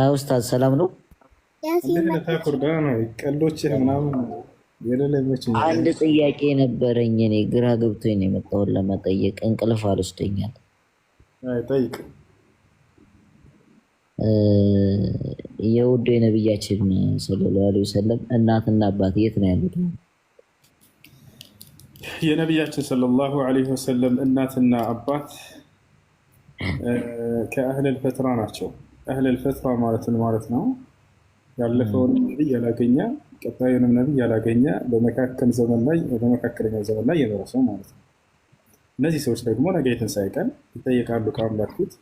ኡስታዝ ሰላም ነው። አንድ ጥያቄ ነበረኝ። እኔ ግራ ገብቶኝ ነው የመጣሁት ለመጠየቅ። እንቅልፍ አልወስደኛል። የውድ የነብያችን ሰለላሁ ዐለይሂ ወሰለም እናትና አባት የት ነው ያሉት? የነቢያችን ሰለላሁ ዐለይሂ ወሰለም እናትና አባት ከአህለል ፈትራ ናቸው። አህለል ፈትራ ማለትን ማለት ነው። ያለፈውን ነቢይ ያላገኘ ቀጣዩንም ነቢይ ያላገኘ በመካከል ዘመን ላይ በመካከለኛው ዘመን ላይ የደረሰው ማለት ነው። እነዚህ ሰዎች ደግሞ ነገ የትንሣኤ ቀን ይጠየቃሉ ከአምላክ ፊት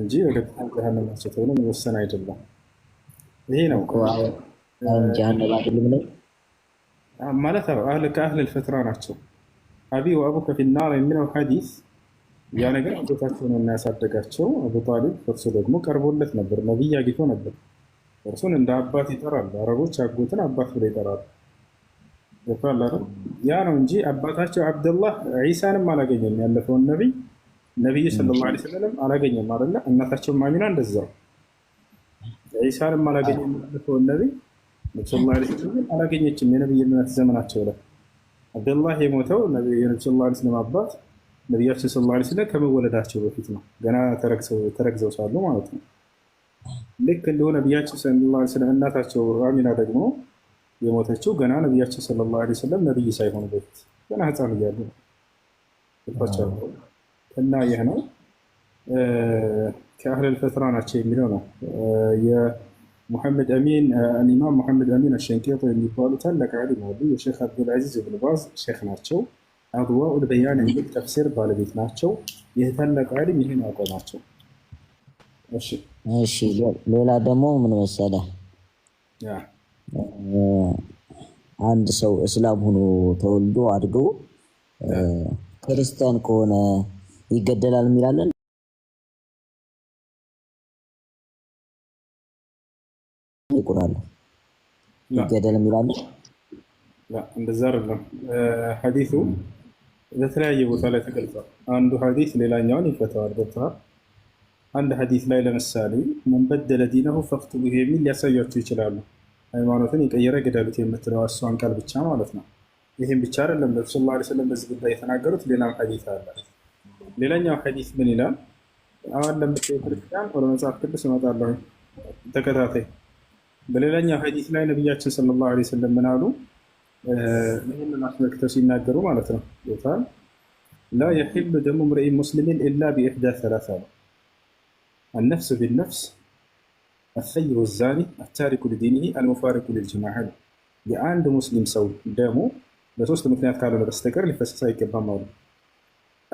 እንጂ በቀጥታ ጀሃነም ናቸው ተብሎ መወሰን አይደለም። ይሄ ነው ማለት ከአህለል ፈትራ ናቸው። አቢ ወአቡከ ፊናር የሚለው ሐዲስ ያ ነገር አጎታቸው ነው የሚያሳደጋቸው። አቡጣሊብ እርሱ ደግሞ ቀርቦለት ነበር፣ ነቢይ አግኝቶ ነበር። እርሱን እንደ አባት ይጠራሉ። አረቦች አጎትን አባት ብለው ይጠራሉ። ገብቷል ያ ነው እንጂ አባታቸው አብደላህ ዒሳንም አላገኘም። ያለፈውን ነቢይ ነቢዩ ሰለላሁ ዐለይሂ ወሰለም አላገኘም አይደለ? እናታቸውም ማሚና እንደዛው ዒሳንም አላገኘም። ያለፈውን ነቢይ ሰለላሁ ዐለይሂ ወሰለም አላገኘችም። የነቢይነት ዘመናቸው ላይ አብደላህ የሞተው የነቢ ሰለላሁ ዐለይሂ ወሰለም አባት ነቢያችን ስለ ላ ስለ ከመወለዳቸው በፊት ነው። ገና ተረግዘው ሳሉ ማለት ነው። ልክ እንደሆነ ነቢያችን ስለ ስለ እናታቸው አሚና ደግሞ የሞተችው ገና ነቢያችን ስለ ላ ስለም ነቢይ ሳይሆኑ በፊት ገና ህፃን እያሉ ነው። እና ይህ ነው ከአህለል ፈትራ ናቸው የሚለው ነው። የሙሐመድ አሚን ኢማም ሙሐመድ አሚን አሸንቄጦ የሚባሉ ታላቅ አሊም አሉ። የሼክ አብዱልዓዚዝ ብን ባዝ ሼክ ናቸው። አድዋኡል በያን የሚል ተፍሲር ባለቤት ናቸው። ይህ ታላቅ ይህን አቋማቸው። እሺ ሌላ ደግሞ ምን መሰለ፣ አንድ ሰው እስላም ሆኖ ተወልዶ አድጎ ክርስቲያን ከሆነ ይገደላል የሚላለን ይቁራል ይገደል የሚላለን እንደዛ አይደለም ሐዲሱ በተለያየ ቦታ ላይ ተገልጿል። አንዱ ሀዲስ ሌላኛውን ይፈተዋል። ገብተዋል። አንድ ሀዲስ ላይ ለምሳሌ መንበደለ ዲነሁ ፈቅቱቡ የሚል ሊያሳያቸው ይችላሉ። ሃይማኖትን የቀየረ ገደሉት የምትለው እሷን ቃል ብቻ ማለት ነው። ይህም ብቻ አይደለም። ነብዩ ሰለላሁ ዐለይሂ በዚህ ጉዳይ የተናገሩት ሌላም ሀዲስ አለ። ሌላኛው ሀዲስ ምን ይላል? አሁን ለምትለው ክርስቲያን ወደ መጽሐፍ ቅዱስ እመጣለሁ። ተከታታይ። በሌላኛው ሀዲስ ላይ ነቢያችን ሰለላሁ ላ ወሰለም ምን አሉ? ይህንን አስመልክተው ሲናገሩ ማለት ነው ቦታ ላ የሒሉ ደሙ ምርኢን ሙስሊሚን ኢላ ቢኢሕዳ ሰላሳ ነው አነፍሱ ቢነፍስ አሰይሩ ዛኒ አታሪኩ ልዲኒሂ አልሙፋሪኩ ልልጅማዕ ነው። የአንድ ሙስሊም ሰው ደሙ በሶስት ምክንያት ካልሆነ በስተቀር ሊፈሰስ አይገባም አሉ።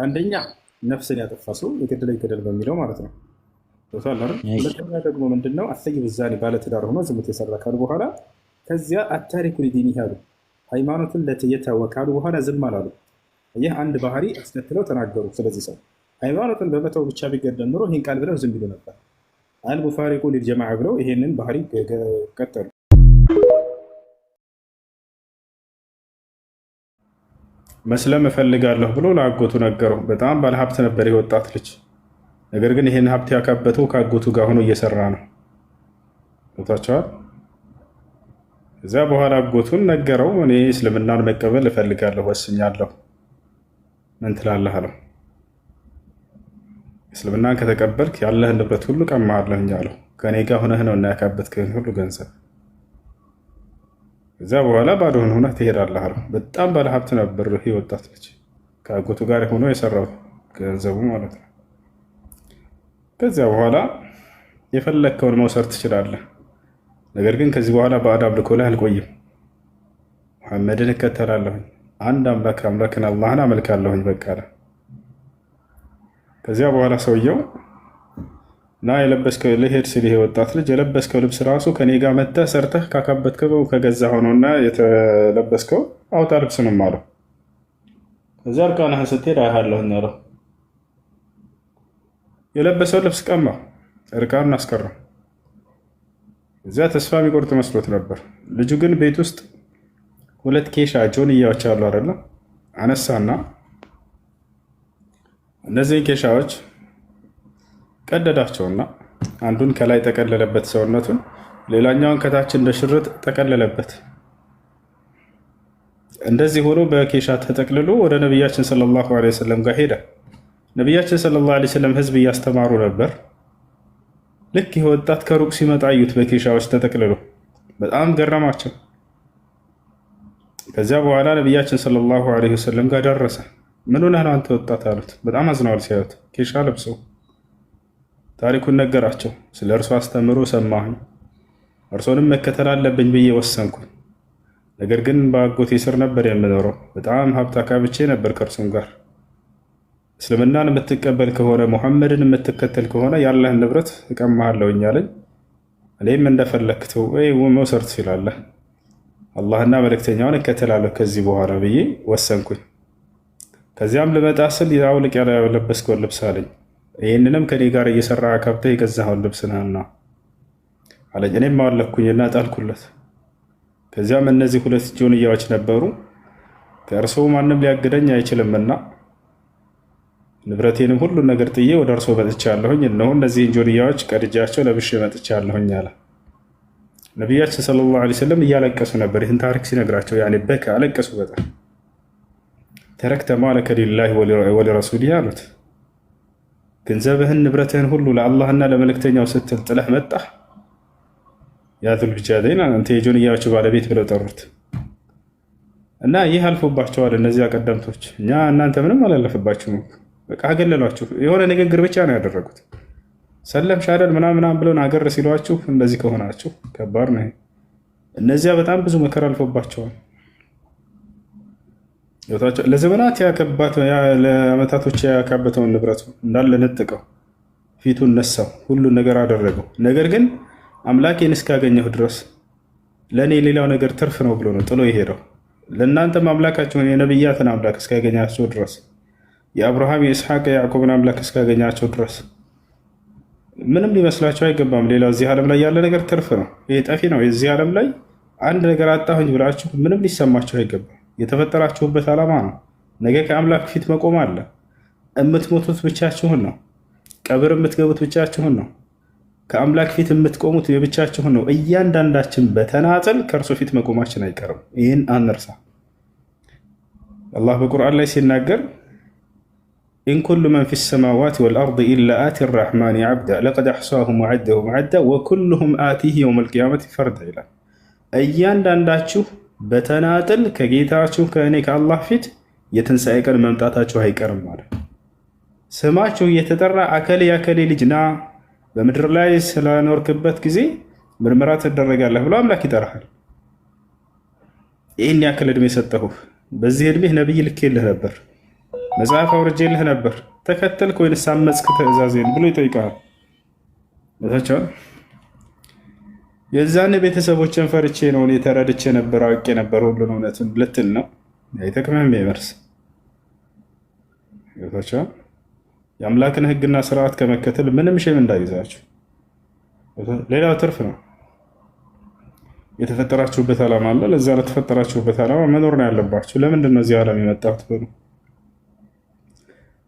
አንደኛ ነፍስን ያጠፋ ሰው የገደለ ይገደል በሚለው ማለት ነው። ሁለተኛ ደግሞ ምንድነው አሰይሩ ዛኒ ባለትዳር ሆኖ ዝሙት የሰራ ካሉ በኋላ ከዚያ አታሪኩ ልዲኒሂ አሉ ሃይማኖትን ለትየታወቃሉ በኋላ ዝም አላሉ። ይህ አንድ ባህሪ አስከትለው ተናገሩ። ስለዚህ ሰው ሃይማኖትን በመተው ብቻ ቢገደል ኑሮ ይህን ቃል ብለው ዝም ቢሉ ነበር። አልቡፋሪቁ ሊልጀማ ብለው ይሄንን ባህሪ ቀጠሉ። መስለም እፈልጋለሁ ብሎ ለአጎቱ ነገረው። በጣም ባለሀብት ነበር የወጣት ልጅ። ነገር ግን ይህን ሀብት ያካበተው ከአጎቱ ጋር ሆኖ እየሰራ ነው ታቸዋል እዚያ በኋላ አጎቱን ነገረው። እኔ እስልምናን መቀበል እፈልጋለሁ ወስኛለሁ፣ ምን ትላለህ አለው። እስልምናን ከተቀበልክ ያለህን ንብረት ሁሉ ቀማለሁኝ አለው። ከእኔ ጋር ሁነህ ነው እና ሁሉ ገንዘብ እዚያ በኋላ ባዶህን ሆነህ ትሄዳለህ አለው። በጣም ባለሀብት ነበር ይሄ ወጣት ልጅ፣ ከአጎቱ ጋር ሆኖ የሰራው ገንዘቡ ማለት ነው። ከዚያ በኋላ የፈለግከውን መውሰድ ትችላለህ ነገር ግን ከዚህ በኋላ ባዕድ አምልኮ ላይ አልቆይም፣ መሐመድን እከተላለሁኝ፣ አንድ አምላክ አምላክን አላህን አመልካለሁኝ በቃ ከዚያ በኋላ ሰውየው ና የለበስከው ልሄድ ሲል ይሄ ወጣት ልጅ የለበስከው ልብስ ራሱ ከኔ ጋር መጥተህ ሰርተህ ካካበትከው ከገዛ ሆኖና የተለበስከው አውጣ ልብስንም አለው። ከዚያ እርቃናህን ስትሄድ አያለሁኝ አለው። የለበሰው ልብስ ቀማ፣ እርቃኑን አስቀረው። እዚያ ተስፋ የሚቆርጥ መስሎት ነበር። ልጁ ግን ቤት ውስጥ ሁለት ኬሻ ጆንያዎች አሉ አይደለ? አነሳና እነዚህን ኬሻዎች ቀደዳቸውና አንዱን ከላይ ጠቀለለበት ሰውነቱን፣ ሌላኛውን ከታች እንደ ሽርጥ ጠቀለለበት። እንደዚህ ሆኖ በኬሻ ተጠቅልሎ ወደ ነቢያችን ሰለላሁ ዐለይሂ ወሰለም ጋር ሄደ። ነቢያችን ሰለላሁ ዐለይሂ ወሰለም ህዝብ እያስተማሩ ነበር። ልክ ይህ ወጣት ከሩቅ ሲመጣ እዩት፣ በኬሻዎች ተጠቅልሎ በጣም ገረማቸው። ከዚያ በኋላ ነቢያችን ሰለላሁ ዐለይሂ ወሰለም ጋር ደረሰ። ምን ሆነህ ነው አንተ ወጣት አሉት። በጣም አዝነዋል ሲያዩት፣ ኬሻ ለብሶ። ታሪኩን ነገራቸው። ስለ እርሱ አስተምሮ ሰማሁኝ፣ እርሶንም መከተል አለብኝ ብዬ ወሰንኩኝ። ነገር ግን በአጎቴ ስር ነበር የምኖረው። በጣም ሀብት አካብቼ ነበር ከእርሱም ጋር እስልምናን የምትቀበል ከሆነ ሙሐመድን የምትከተል ከሆነ ያለህን ንብረት እቀማሃለሁ እኛለኝ እኔም እንደፈለግተው መውሰር ትችላለህ፣ አላህና መልእክተኛውን እከተላለሁ ከዚህ በኋላ ብዬ ወሰንኩኝ። ከዚያም ልመጣ ስል አውልቅ ያለበስከውን ልብስ አለኝ። ይህንንም ከኔ ጋር እየሰራ ከብተህ የገዛኸውን ልብስ ነህና አለኝ። እኔም አወለኩኝና ጣልኩለት። ከዚያም እነዚህ ሁለት ጆንያዎች ነበሩ፣ ከእርሱ ማንም ሊያግደኝ አይችልምና ንብረቴንም ሁሉን ነገር ጥዬ ወደ እርሶ መጥቻለሁኝ። እነሆ እነዚህን ጆንያዎች ቀድጃቸው ለብሼ መጥቻለሁኝ አለ። ነቢያችን ሰለላሁ ዐለይሂ ወሰለም እያለቀሱ ነበር። ይህን ታሪክ ሲነግራቸው ያኔ በከ አለቀሱ። በጣም ተረክተ ማለከ ሊላሂ ወሊረሱሊህ አሉት። ገንዘብህን ንብረትህን ሁሉ ለአላህና ለመልእክተኛው ስትል ጥለህ መጣ። ያቱል ቢጃደይን አንተ የጆንያዎች ባለቤት ብለው ጠሩት። እና ይህ አልፎባቸዋል። እነዚያ ቀደምቶች እኛ እናንተ ምንም አላለፈባችሁም። በቃ አገለሏችሁ። የሆነ ንግግር ብቻ ነው ያደረጉት። ሰለም ሻደል ምናም ብለውን አገር ሲሏችሁ እንደዚህ ከሆናችሁ ከባድ ነው። እነዚያ በጣም ብዙ መከራ አልፎባቸዋል። ለዘመናት ለአመታቶች ያካበተውን ንብረቱ እንዳለ ነጥቀው ፊቱን ነሳው፣ ሁሉን ነገር አደረገው። ነገር ግን አምላኬን እስካገኘሁ ድረስ ለእኔ ሌላው ነገር ትርፍ ነው ብሎ ነው ጥሎ የሄደው። ለእናንተም አምላካችሁን የነብያትን አምላክ እስካገኛቸው ድረስ የአብርሃም የኢስሐቅ የያዕቆብን አምላክ እስካገኛቸው ድረስ ምንም ሊመስላቸው አይገባም። ሌላ እዚህ ዓለም ላይ ያለ ነገር ትርፍ ነው፣ ይህ ጠፊ ነው። የዚህ ዓለም ላይ አንድ ነገር አጣሁኝ ብላችሁ ምንም ሊሰማችሁ አይገባም። የተፈጠራችሁበት ዓላማ ነው። ነገ ከአምላክ ፊት መቆም አለ። የምትሞቱት ብቻችሁን ነው። ቀብር የምትገቡት ብቻችሁን ነው። ከአምላክ ፊት የምትቆሙት የብቻችሁን ነው። እያንዳንዳችን በተናጥል ከእርሱ ፊት መቆማችን አይቀርም። ይህን አንርሳ። አላህ በቁርአን ላይ ሲናገር ኢን ኩሉ መን ፊ ሰማዋት ወልአርድ ኢላ አቲ ራሕማን ዓብዳ ለቀድ አሕሷሁም ወዐደሁም ዓዳ ወኩሉሁም አቲህ የውም ልቅያመት ፈርዳ ይላል። እያንዳንዳችሁ በተናጥል ከጌታችሁ ከእኔ ከአላህ ፊት የትንሣኤ ቀን መምጣታችሁ አይቀርም ማለት ስማችሁ እየተጠራ አከሌ አከሌ ልጅ ና በምድር ላይ ስለኖርክበት ጊዜ ምርመራ ትደረጋለህ ብሎ አምላክ ይጠራሃል። ይህን ያክል እድሜ ሰጠሁህ፣ በዚህ ዕድሜህ ነቢይ ልኬልህ ነበር መጽሐፍ አውርጄልህ ነበር ተከተልክ ወይንስ አመፅክ ትእዛዜን ብሎ ይጠይቃል። ታቸዋል የዛን ቤተሰቦችን ፈርቼ ነው እኔ ተረድቼ ነበር አውቄ ነበር ሁሉን እውነትን ልትል ነው። አይጠቅምህም የመርስ ታቸዋል የአምላክን ሕግና ስርዓት ከመከተል ምንም ሼም እንዳይዛቸው ሌላው ትርፍ ነው። የተፈጠራችሁበት ዓላማ አለ። ለዛ ለተፈጠራችሁበት ዓላማ መኖር ነው ያለባችሁ። ለምንድን ነው እዚህ ዓለም የመጣሁት በሉ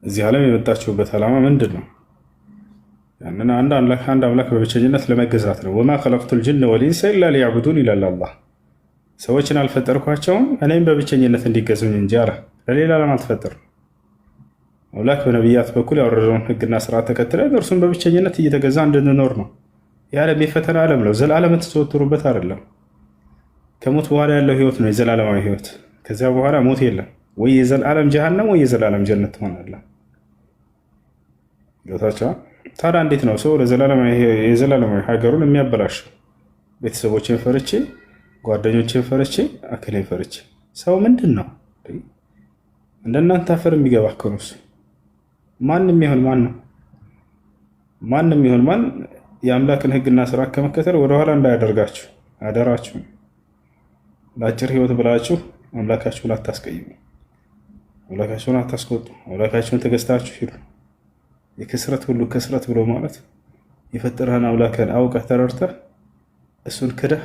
እዚህ ዓለም የመጣችሁበት ዓላማ ምንድን ነው? ያንን አንድ አምላክ አንድ አምላክ በብቸኝነት ለመገዛት ነው። ወማ ከለቅቱል ጅን ወሊንሰ ኢላ ሊያዕቡዱን ይላል አላህ። ሰዎችን አልፈጠርኳቸውም እኔም በብቸኝነት እንዲገዙኝ እንጂ አለ። ለሌላ ዓላማ አልተፈጠሩም። አምላክ በነቢያት በኩል ያወረደውን ህግና ስርዓት ተከትለን እርሱም በብቸኝነት እየተገዛ እንድንኖር ነው። የዓለም የፈተና ዓለም ነው። ዘላለም የምትዘወትሩበት አይደለም። ከሞት በኋላ ያለው ህይወት ነው የዘላለማዊ ህይወት። ከዚያ በኋላ ሞት የለም። ወይ የዘላለም ጀሃነም ወይ የዘላለም ጀነት ትሆናለህ። ጌታቸው ታዲያ እንዴት ነው ሰው የዘላለማዊ ሀገሩን የሚያበላሽ? ቤተሰቦችን ፈርቼ፣ ጓደኞችን ፈርቼ፣ አክሌን ፈርቼ ሰው ምንድን ነው እንደናንተ አፈር የሚገባ ከኑስ ማንም ይሁን ማን ነው ማንም ይሁን ማን የአምላክን ህግና ስራ ከመከተል ወደኋላ እንዳያደርጋችሁ አደራችሁ። ለአጭር ህይወት ብላችሁ አምላካችሁን አታስቀይሙ፣ አምላካችሁን አታስቆጡ፣ አምላካችሁን ተገዝታችሁ ሂዱ። የክስረት ሁሉ ክስረት ብሎ ማለት የፈጠረህን አምላክህን አውቀህ ተረድተህ እሱን ክደህ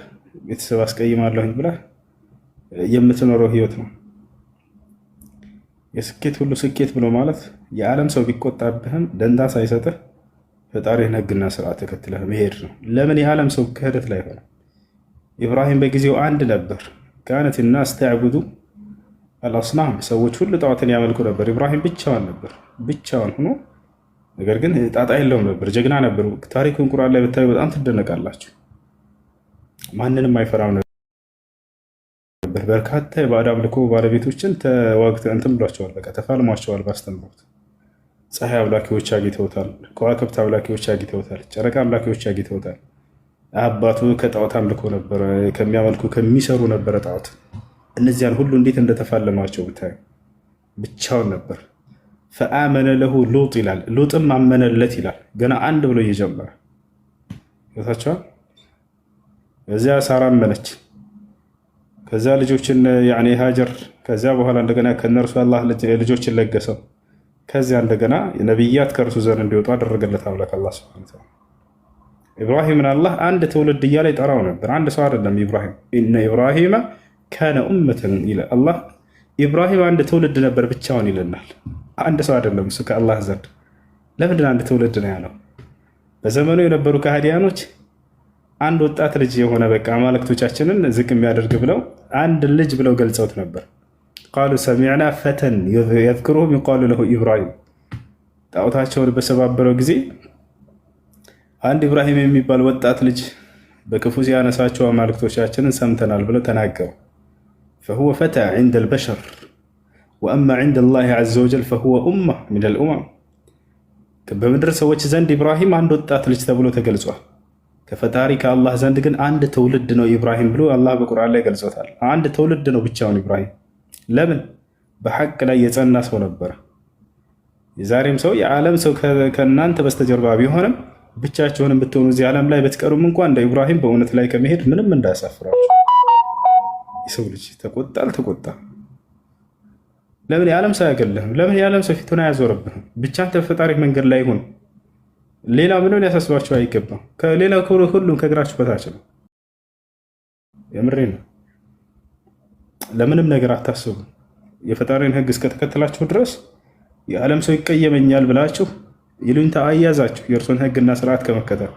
ቤተሰብ አስቀይማለሁኝ ብላ የምትኖረው ህይወት ነው። የስኬት ሁሉ ስኬት ብሎ ማለት የዓለም ሰው ቢቆጣብህም ደንታ ሳይሰጥህ ፈጣሪህን ህግና ስርዓት ተከትለህ መሄድ ነው። ለምን የዓለም ሰው ክህደት ላይ ሆነ? ኢብራሂም በጊዜው አንድ ነበር። ካነት ናስ ተዕቡዱ አልአስናም፣ ሰዎች ሁሉ ጣዋትን ያመልኩ ነበር። ኢብራሂም ብቻዋን ነበር። ብቻዋን ሆኖ ነገር ግን ጣጣ የለውም ነበር፣ ጀግና ነበር። ታሪኩን ቁርአን ላይ ብታዩ በጣም ትደነቃላችሁ። ማንንም አይፈራም ነበር። በርካታ የባዕድ አምልኮ ባለቤቶችን ተዋግተ እንትን ብሏቸዋል፣ በቃ ተፋልሟቸዋል። ባስተምሮት ፀሐይ አምላኪዎች አግኝተውታል፣ ከዋክብት አምላኪዎች አግኝተውታል፣ ጨረቃ አምላኪዎች አግኝተውታል። አባቱ ከጣዖት አምልኮ ነበረ ከሚያመልኩ ከሚሰሩ ነበረ ጣዖት። እነዚያን ሁሉ እንዴት እንደተፋለማቸው ብታዩ ብቻውን ነበር። ፈአመነ ለሁ ሉጥ ይላል። ሉጥም አመነለት ይላል። ገና አንድ ብሎ እየጀመረ ታቸዋል። በዚያ ሳራ አመነች። ከዛ ልጆችን ሀጀር ከዚያ በኋላ እንደገና ከነርሱ አላህ ልጆችን ለገሰው። ከዚያ እንደገና ነቢያት ከእርሱ ዘር እንዲወጡ አደረገለት አምላክ አላህ ሱብሓነሁ ወተዓላ። ኢብራሂምን አላህ አንድ ትውልድ እያለ ይጠራው ነበር። አንድ ሰው አይደለም ኢብራሂም። ኢነ ኢብራሂማ ካነ ኡመተን ይለ አላህ። ኢብራሂም አንድ ትውልድ ነበር ብቻውን ይለናል። አንድ ሰው አይደለም እሱ ከአላህ ዘንድ። ለምንድን አንድ ትውልድ ነው ያለው? በዘመኑ የነበሩ ከሃዲያኖች አንድ ወጣት ልጅ የሆነ በቃ አማልክቶቻችንን ዝቅ የሚያደርግ ብለው አንድ ልጅ ብለው ገልጸውት ነበር። ቃሉ ሰሚዕና ፈተን የዝክሩሁም ይቃሉ ለሁ ኢብራሂም። ጣዖታቸውን በሰባበረው ጊዜ አንድ ኢብራሂም የሚባል ወጣት ልጅ በክፉ ሲያነሳቸው አማልክቶቻችንን ሰምተናል ብለው ተናገሩ። ፈሁወ ፈታ ዒንደል በሸር ወአማ ዕንደ ላህ ዐዘ ወጀል ፈሁወ ኡማ ሚነል ኡመም። በምድር ሰዎች ዘንድ ኢብራሂም አንድ ወጣት ልጅ ተብሎ ተገልጿል። ከፈጣሪ ከአላህ ዘንድ ግን አንድ ትውልድ ነው ኢብራሂም ብሎ አላህ በቁርአን ላይ ገልጾታል። አንድ ትውልድ ነው ብቻውን ኢብራሂም። ለምን? በሐቅ ላይ የጸና ሰው ነበረ። የዛሬም ሰው የዓለም ሰው ከእናንተ በስተጀርባ ቢሆንም ብቻቸውን ብትሆኑ እዚህ ዓለም ላይ በትቀሩም እንኳ እንደ ኢብራሂም በእውነት ላይ ከመሄድ ምንም እንዳያሳፍራቸው። የሰው ልጅ ተቆጣል ተቆጣ ለምን የዓለም ሰው አይገልህም? ለምን የዓለም ሰው ፊቱን አያዞርብህም? ብቻን ተፈጣሪ መንገድ ላይ ይሁን። ሌላ ምንም ሊያሳስባቸው አይገባም። ከሌላ ሁሉም ከእግራችሁ በታች ነው። የምሬ ነው። ለምንም ነገር አታስቡ። የፈጣሪን ሕግ እስከተከተላችሁ ድረስ የዓለም ሰው ይቀየመኛል ብላችሁ ይሉኝታ አያዛችሁ የእርሱን ህግና ስርዓት ከመከተል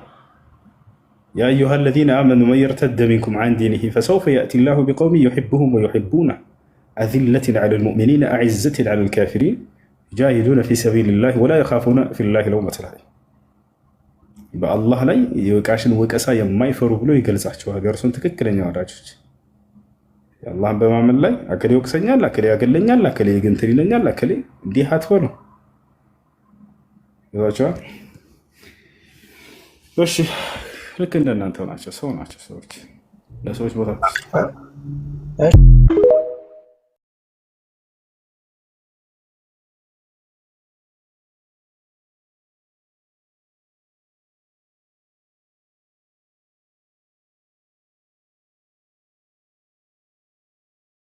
ያ አዩሃ ለዚነ አመኑ መን የርተደ ሚንኩም አን ዲኒሂ ፈሰውፈ የእቲ ላሁ ቢቀውሚ ዩሕቡሁም ወዩሕቡና أذلة على المؤمنين أعزة على الكافرين جاهدون في سبيل الله ولا يخافون في الله لومة لائم الله لا يوكاشن وكاسا يما يفروا بلو يقلزا حتى يرسون تككلا نعراجوش الله بمعمل لا أكلي وكسن يالا أكلي أكلي نيالا أكلي يقنتري نيالا أكلي دي حاتفونه يقول شو بشي لكن لنا انتو ناشا سو ناشا سوك لا سوك بطاك 哎。